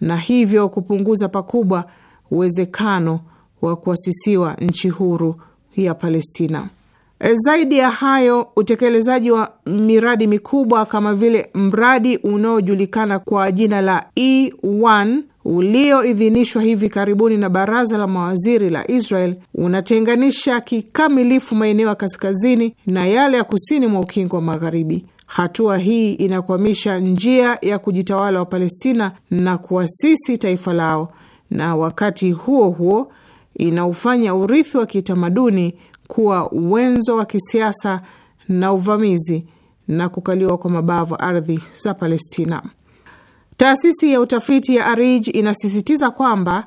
na hivyo kupunguza pakubwa uwezekano wa kuasisiwa nchi huru ya Palestina. E, zaidi ya hayo, utekelezaji wa miradi mikubwa kama vile mradi unaojulikana kwa jina la E1 ulioidhinishwa hivi karibuni na baraza la mawaziri la Israel unatenganisha kikamilifu maeneo ya kaskazini na yale ya kusini mwa ukingo wa magharibi. Hatua hii inakwamisha njia ya kujitawala wa Palestina na kuasisi taifa lao, na wakati huo huo inaufanya urithi wa kitamaduni kuwa wenzo wa kisiasa na uvamizi na kukaliwa kwa mabavu ardhi za Palestina. Taasisi ya utafiti ya Arij inasisitiza kwamba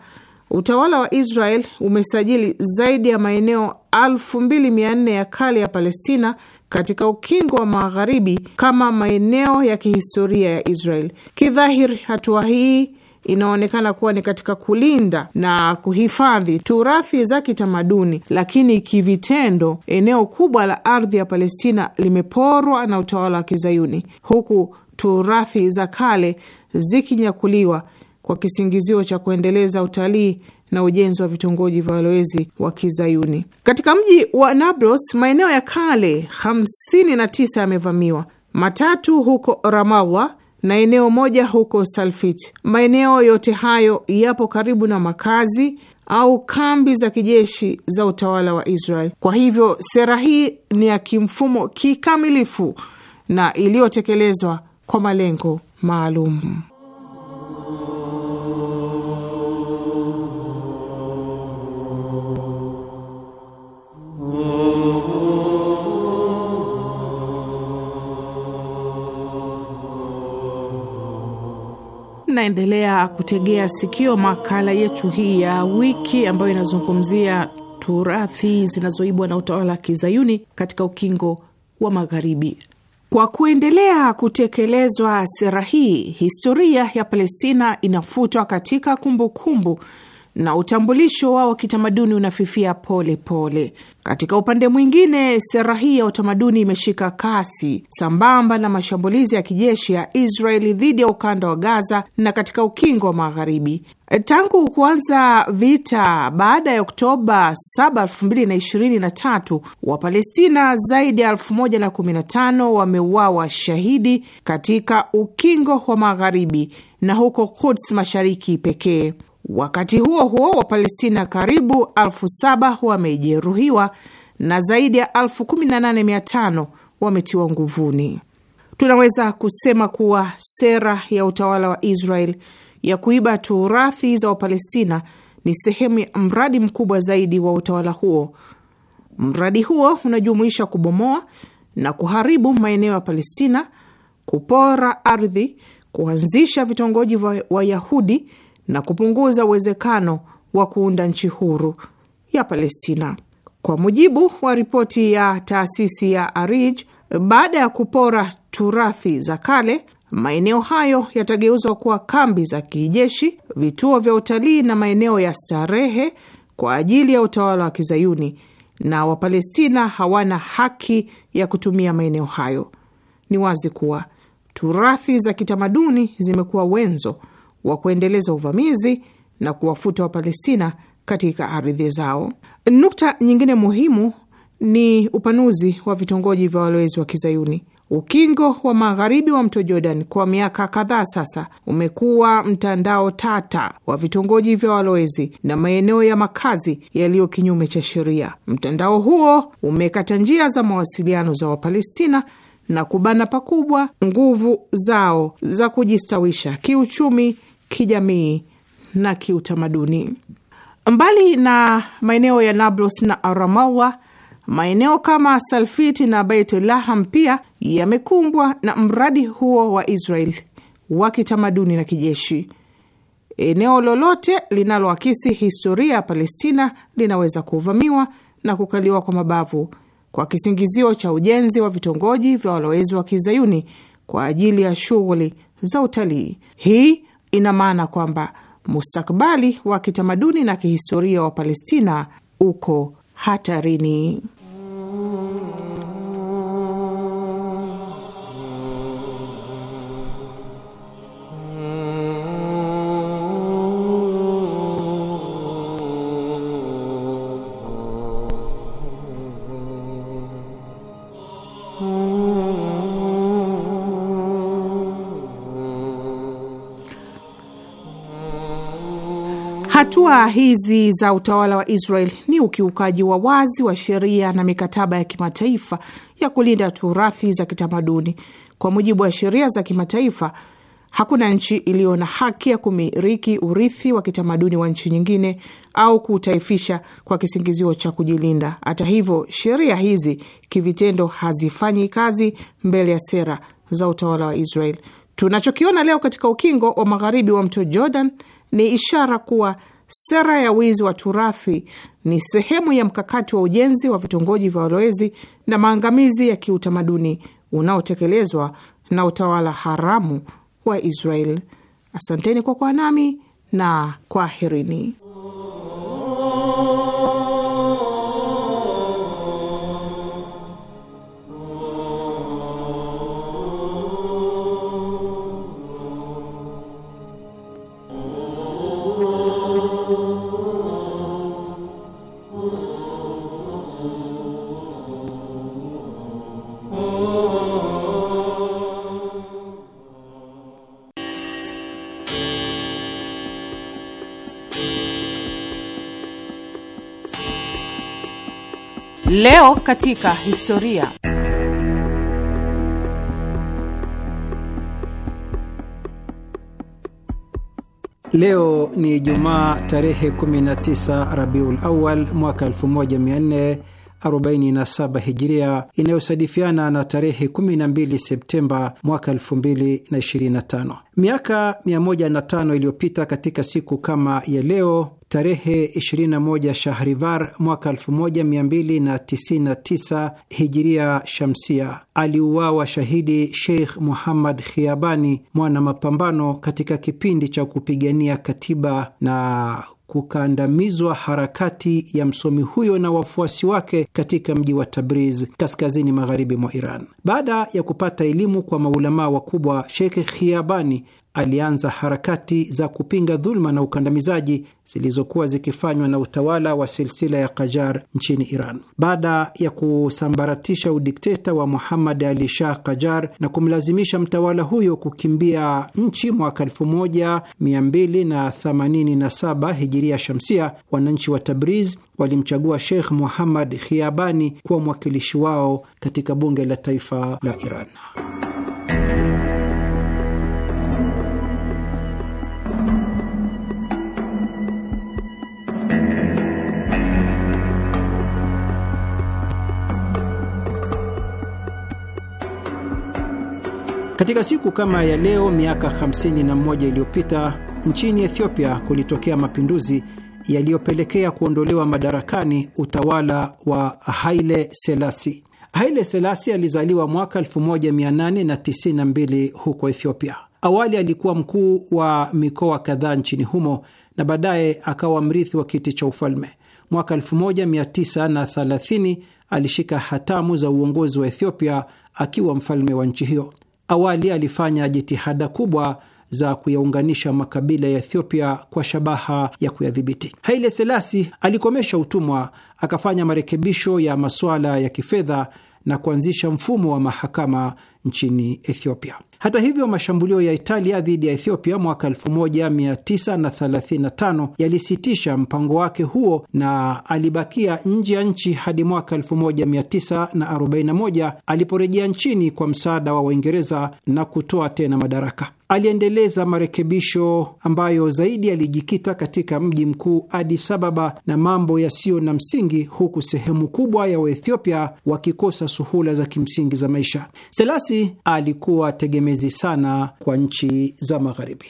utawala wa Israel umesajili zaidi ya maeneo 2400 ya kale ya Palestina katika ukingo wa magharibi kama maeneo ya kihistoria ya Israel. Kidhahiri, hatua hii inaonekana kuwa ni katika kulinda na kuhifadhi turathi za kitamaduni, lakini kivitendo, eneo kubwa la ardhi ya Palestina limeporwa na utawala wa Kizayuni, huku turathi za kale zikinyakuliwa kwa kisingizio cha kuendeleza utalii na ujenzi wa vitongoji vya walowezi wa Kizayuni. Katika mji wa Nablus, maeneo ya kale 59 yamevamiwa, matatu huko Ramallah na eneo moja huko Salfit. Maeneo yote hayo yapo karibu na makazi au kambi za kijeshi za utawala wa Israel. Kwa hivyo sera hii ni ya kimfumo kikamilifu na iliyotekelezwa kwa malengo maalum. Naendelea kutegea sikio makala yetu hii ya wiki ambayo inazungumzia turathi zinazoibwa na utawala wa kizayuni katika ukingo wa Magharibi. Kwa kuendelea kutekelezwa sera hii, historia ya Palestina inafutwa katika kumbukumbu kumbu na utambulisho wao wa kitamaduni unafifia pole pole. Katika upande mwingine, sera hii ya utamaduni imeshika kasi sambamba na mashambulizi ya kijeshi ya Israeli dhidi ya ukanda wa Gaza na katika ukingo wa Magharibi. E, tangu kuanza vita baada ya Oktoba 7, 2023, Wapalestina zaidi ya 1015 wameuawa shahidi katika ukingo wa Magharibi na huko Quds Mashariki pekee. Wakati huo huo, Wapalestina karibu elfu saba wamejeruhiwa na zaidi ya elfu kumi na nane mia tano wametiwa nguvuni. Tunaweza kusema kuwa sera ya utawala wa Israel ya kuiba turathi za Wapalestina ni sehemu ya mradi mkubwa zaidi wa utawala huo. Mradi huo unajumuisha kubomoa na kuharibu maeneo ya Palestina, kupora ardhi, kuanzisha vitongoji vya Wayahudi na kupunguza uwezekano wa kuunda nchi huru ya Palestina. Kwa mujibu wa ripoti ya taasisi ya Arij, baada ya kupora turathi za kale, maeneo hayo yatageuzwa kuwa kambi za kijeshi, vituo vya utalii na maeneo ya starehe kwa ajili ya utawala wa Kizayuni, na Wapalestina hawana haki ya kutumia maeneo hayo. Ni wazi kuwa turathi za kitamaduni zimekuwa wenzo wa kuendeleza uvamizi na kuwafuta Wapalestina katika ardhi zao. Nukta nyingine muhimu ni upanuzi wa vitongoji vya walowezi wa Kizayuni. Ukingo wa magharibi wa mto Jordan kwa miaka kadhaa sasa umekuwa mtandao tata wa vitongoji vya walowezi na maeneo ya makazi yaliyo kinyume cha sheria. Mtandao huo umekata njia za mawasiliano za Wapalestina na kubana pakubwa nguvu zao za kujistawisha kiuchumi kijamii na kiutamaduni. Mbali na maeneo ya Nablus na Ramallah, maeneo kama Salfiti na Baitulaham pia yamekumbwa na mradi huo wa Israel wa kitamaduni na kijeshi. Eneo lolote linaloakisi historia ya Palestina linaweza kuvamiwa na kukaliwa kwa mabavu kwa kisingizio cha ujenzi wa vitongoji vya walowezi wa kizayuni kwa ajili ya shughuli za utalii. Hii ina maana kwamba mustakabali wa kitamaduni na kihistoria wa Palestina uko hatarini. Hatua hizi za utawala wa Israel ni ukiukaji wa wazi wa sheria na mikataba ya kimataifa ya kulinda turathi za kitamaduni. Kwa mujibu wa sheria za kimataifa, hakuna nchi iliyo na haki ya kumiliki urithi wa kitamaduni wa nchi nyingine au kuutaifisha kwa kisingizio cha kujilinda. Hata hivyo, sheria hizi kivitendo hazifanyi kazi mbele ya sera za utawala wa Israel. Tunachokiona leo katika ukingo wa magharibi wa mto Jordan ni ishara kuwa sera ya wizi wa turafi ni sehemu ya mkakati wa ujenzi wa vitongoji vya walowezi na maangamizi ya kiutamaduni unaotekelezwa na utawala haramu wa Israel. Asanteni kwa kuwa nami na kwaherini. Leo katika historia. Leo ni Jumaa tarehe 19 Rabiul Awal mwaka 1447 Hijiria, inayosadifiana na tarehe 12 Septemba mwaka 2025. Miaka 105 iliyopita katika siku kama ya leo tarehe 21 Shahrivar mwaka 1299 hijiria shamsia, aliuawa shahidi Sheikh Muhammad Khiabani, mwana mapambano katika kipindi cha kupigania katiba na kukandamizwa harakati ya msomi huyo na wafuasi wake katika mji wa Tabriz kaskazini magharibi mwa Iran. Baada ya kupata elimu kwa maulamaa wakubwa, Sheikh Khiabani alianza harakati za kupinga dhuluma na ukandamizaji zilizokuwa zikifanywa na utawala wa silsila ya Kajar nchini Iran. Baada ya kusambaratisha udikteta wa Muhammad Ali Shah Kajar na kumlazimisha mtawala huyo kukimbia nchi mwaka 1287 hijiria shamsia, wananchi wa Tabriz walimchagua Sheikh Muhammad Khiabani kuwa mwakilishi wao katika bunge la taifa la Iran. Katika siku kama ya leo miaka 51 iliyopita nchini Ethiopia kulitokea mapinduzi yaliyopelekea kuondolewa madarakani utawala wa Haile Selasi. Haile Selasi alizaliwa mwaka 1892 huko Ethiopia. Awali alikuwa mkuu wa mikoa kadhaa nchini humo na baadaye akawa mrithi wa kiti cha ufalme. Mwaka 1930 alishika hatamu za uongozi wa Ethiopia akiwa mfalme wa nchi hiyo. Awali alifanya jitihada kubwa za kuyaunganisha makabila ya Ethiopia kwa shabaha ya kuyadhibiti. Haile Selasi alikomesha utumwa, akafanya marekebisho ya masuala ya kifedha na kuanzisha mfumo wa mahakama nchini Ethiopia. Hata hivyo mashambulio ya Italia dhidi ya Ethiopia mwaka 1935 yalisitisha mpango wake huo na alibakia nje ya nchi hadi mwaka 1941 aliporejea nchini kwa msaada wa Waingereza na kutoa tena madaraka. Aliendeleza marekebisho ambayo zaidi yalijikita katika mji mkuu Addis Ababa na mambo yasiyo na msingi, huku sehemu kubwa ya Waethiopia wakikosa suhula za kimsingi za maisha. Selasi Urusi alikuwa tegemezi sana kwa nchi za Magharibi.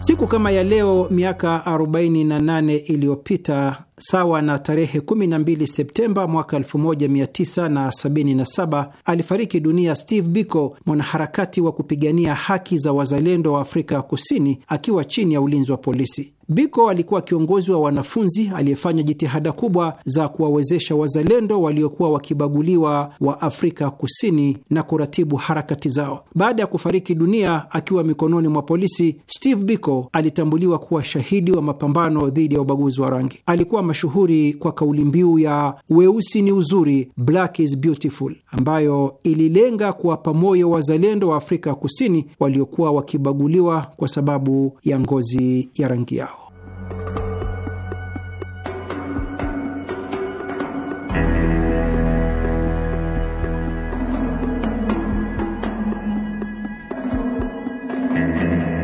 Siku kama ya leo miaka 48 iliyopita sawa na tarehe 12 Septemba mwaka 1977 alifariki dunia Steve Biko, mwanaharakati wa kupigania haki za wazalendo wa Afrika Kusini, akiwa chini ya ulinzi wa polisi. Biko alikuwa kiongozi wa wanafunzi aliyefanya jitihada kubwa za kuwawezesha wazalendo waliokuwa wakibaguliwa wa Afrika Kusini na kuratibu harakati zao. Baada ya kufariki dunia akiwa mikononi mwa polisi, Steve Biko alitambuliwa kuwa shahidi wa mapambano dhidi ya ubaguzi wa rangi. Alikuwa mashuhuri kwa kauli mbiu ya weusi ni uzuri, Black is beautiful, ambayo ililenga kuwapa moyo wazalendo wa Afrika Kusini waliokuwa wakibaguliwa kwa sababu ya ngozi ya rangi yao.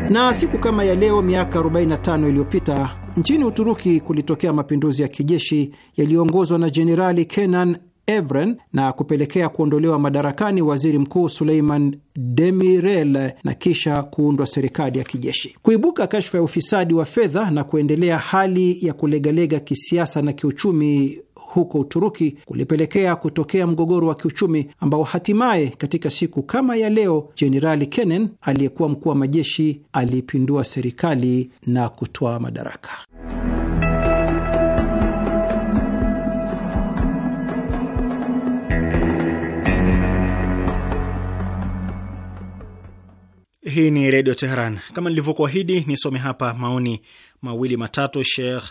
Na siku kama ya leo miaka 45 iliyopita nchini Uturuki kulitokea mapinduzi ya kijeshi yaliyoongozwa na Jenerali Kenan Evren na kupelekea kuondolewa madarakani waziri mkuu Suleiman Demirel na kisha kuundwa serikali ya kijeshi. Kuibuka kashfa ya ufisadi wa fedha na kuendelea hali ya kulegalega kisiasa na kiuchumi huko Uturuki kulipelekea kutokea mgogoro wa kiuchumi ambao hatimaye katika siku kama ya leo Jenerali kenen aliyekuwa mkuu wa majeshi alipindua serikali na kutoa madaraka. Hii ni Redio Teheran. Kama nilivyokuahidi, nisome hapa maoni mawili matatu. Sheikh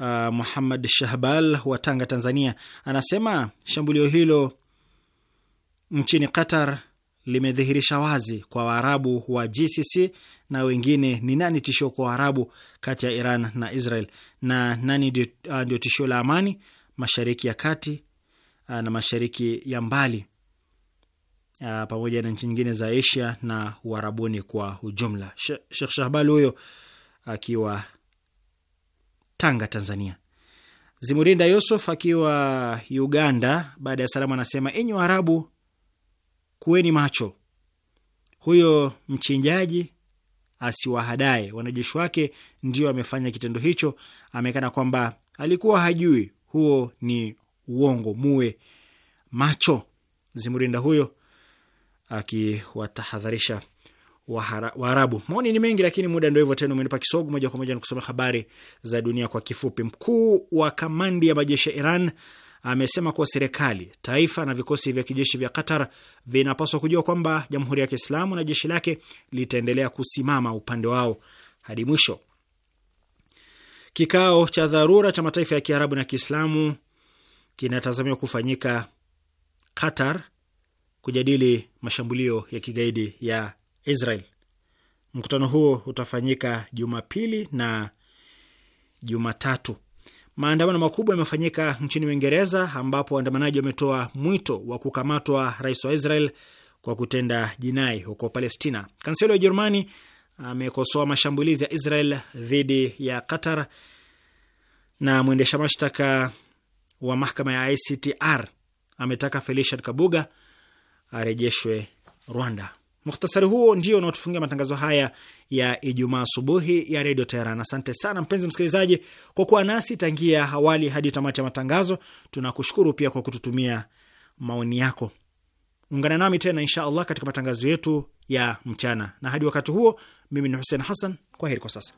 uh, Muhammad Shahbal wa Tanga, Tanzania, anasema shambulio hilo nchini Qatar limedhihirisha wazi kwa Waarabu wa GCC na wengine ni nani tishio kwa Waarabu kati ya Iran na Israel na nani ndio uh, tishio la amani mashariki ya kati uh, na mashariki ya mbali uh, pamoja na nchi nyingine za Asia na Uarabuni kwa ujumla. Shekh Shahbal huyo akiwa Tanga, Tanzania. Zimurinda Yusuf akiwa Uganda, baada ya salamu anasema, enyi Waarabu kuweni macho, huyo mchinjaji asiwahadae wanajeshi wake, ndio amefanya kitendo hicho. Amekana kwamba alikuwa hajui, huo ni uongo, muwe macho. Zimurinda huyo akiwatahadharisha Waarabu. Maoni ni mengi, lakini muda ndio hivyo tena, umenipa kisogo. Moja kwa moja ni kusoma habari za dunia kwa kifupi. Mkuu wa kamandi ya majeshi ya Iran amesema kuwa serikali, taifa na vikosi vya kijeshi vya Qatar vinapaswa kujua kwamba jamhuri ya Kiislamu na jeshi lake litaendelea kusimama upande wao hadi mwisho. Kikao cha dharura cha mataifa ya Kiarabu na Kiislamu kinatazamiwa kufanyika Qatar kujadili mashambulio ya kigaidi ya Israel. Mkutano huo utafanyika Jumapili na Jumatatu. Maandamano makubwa yamefanyika nchini Uingereza, ambapo waandamanaji wametoa mwito wa kukamatwa rais wa Israel kwa kutenda jinai huko Palestina. Kanselo ya Ujerumani amekosoa mashambulizi ya Israel dhidi ya Qatar, na mwendesha mashtaka wa mahakama ya ICTR ametaka Felician Kabuga arejeshwe Rwanda. Mukhtasari huo ndio unaotufungia matangazo haya ya Ijumaa asubuhi ya redio Teheran. Asante sana mpenzi msikilizaji kwa kuwa nasi tangia awali hadi tamati ya matangazo. Tunakushukuru pia kwa kututumia maoni yako. Ungana nami tena insha Allah katika matangazo yetu ya mchana, na hadi wakati huo, mimi ni Hussein Hassan. Kwa heri kwa sasa.